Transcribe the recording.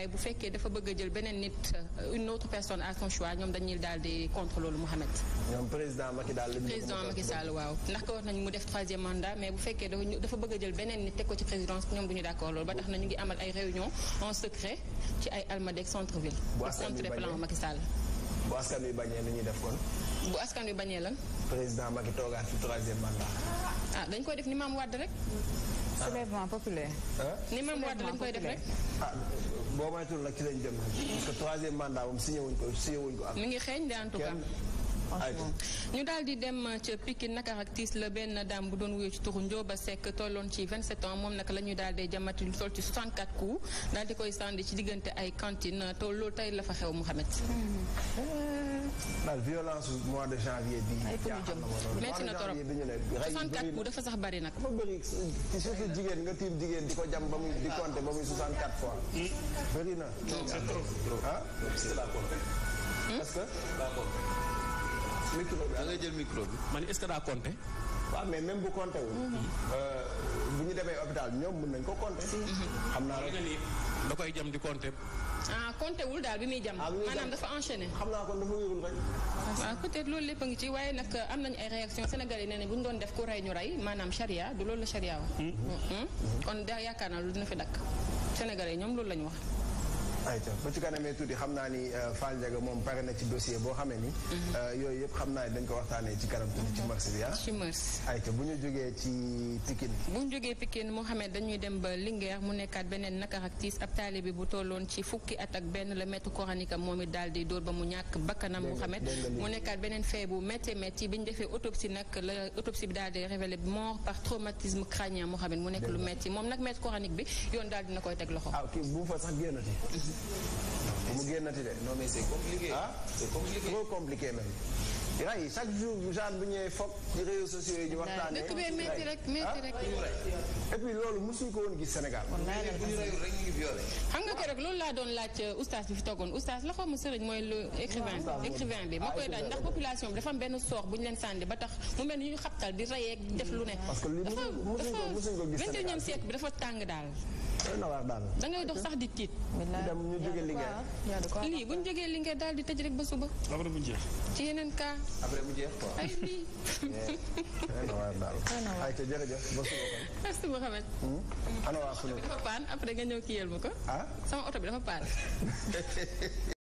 waaye bu fekkee dafa bëgg a jël beneen nit euh, une autre personne à son choix ñoom dañuy daal di contre loolu Mouhamed. ñoom président Macky daal la président Macky Sall waaw mais bu fekkee dafa bëgg a jël beneen nit teg ko ci présidence ñoom du ñu loolu ba tax na ñu ngi amal ay réunion en secret ci ay Almadies centre ville. bu askan wi plan Macky wi bañee lu ñuy def kon. bu askan wi bañee lan. président Macky toogaat fi troisième mandat. ah dañ koy def ni maam Wade rek. soulèvement populaire. ni même Wade lañ koy def rek. ah boo nag ci lañ jëm. parce que troisième mandat moom wuñ ko signé ko ak. mi ngi xeeñ de en ñu daal di dem ca Pikine naka ak tiis la benn daam bu doon wuyu ci turu Ndioba sekk tolloon ci vingt ans moom nag la ñu daal di jamati lu toll ci 64 coups daal di koy sandi ci diggante ay cantine te loolu tey la fa xew mu Mouhamed. Hmm. daal violence mois de janvier bi. jaaxal na ma metti na torop 64 bu dafa sax bari nag. dafa bëri jigéen nga tiim jigéen di ko jam ba muy di compter ba muy 64 fois. bëri na. c'est trop ah la hmm? parce que micro bi ah. ngay jël micro bi. man est-ce que daa compter. waaw ah, mais même bu compter wul. Mhm. Euh, bu ñu demee hôpital ñoom mën nañ ko compter. Mhm. xam naa rek. da koy jam di compter. ah compter wul daal bi muy jam. Ah, maanaam dafa enchaîner. xam naa kon dafa wéerul rek. ah peut-être loolu lépp ngi ci waaye nag euh, am nañu ay réaction Sénégal yi nee nañ bu ñu doon def ku rey ñu rey maanaam charia du loolu la charia wax. Hmm. Hmm? Hmm? kon da yaakaar naa lu dina fi dakk sénégal yi ñoom loolu la ñu wax. ayca ba ci kanamee tuuti xam naa ni euh, Fall Ndiaga moom pare na ci dossier boo xam ne ni. Mhm. Euh, yooyu yëpp xam naa ni dañ ko waxtaanee ci kanam tuuti ci mars bi ah. ci mars ayca bu ñu jógee ci Pikine. bu ñu jógee Pikine Mouhamed dañuy dem ba Linguère mu nekkaat beneen nakar ak tiis ab taalibe bu tolloon ci fukki at ak benn la maître coranique am moom it daal di dóor ba mu ñàkk bakkanam Mouhamed mu nekkaat beneen fee bu métti métti bi ñu defee autopsie nag la autopsie bi daal di révélé mort par traumatisme crânien Mouhamed mu nekk lu métti moom nag maître coranique bi yoon daal dina koy teg loxo. ah kii bu mu génnati de. non mais c'est compliqué. ah c'est compliqué trop compliqué même. ray chaque jour genre bu ñëwee foog ci réseaux sociaux yi ñu waxtaanee. dëkk bee métti rek rek. Ah? et puis loolu mosuñu ko woon gis Sénégal. wallaay bu ñu rayul rek ñu xam nga ko rek loolu laa doon laaj euh, oustaz bi fi toogoon oustaz la xaw ma sëriñ mooy lu écrivain écrivain bi ma koy laaj ndax population bi dafa am benn soox bu ñu leen sànni ba tax mu mel ni ñu xabtal di rayee def lu ne. parce que li mosuñu ko gis Sénégal bi dafa tàng daal. na waar daal da ngay dox sax di tiit. dem ñu jógee Linguère. lii bu ñu jógee Linguère daal di tëj rek ba suba. après mu jeex. ci yeneen cas. après mu jeex quoi. ay lii. xëy na waar daal. ay te jërëjëf ba suba. merci Mouhamed. Hmm? ana waa Fulé. dafa paan après nga ko. ah sama oto bi dafa paan.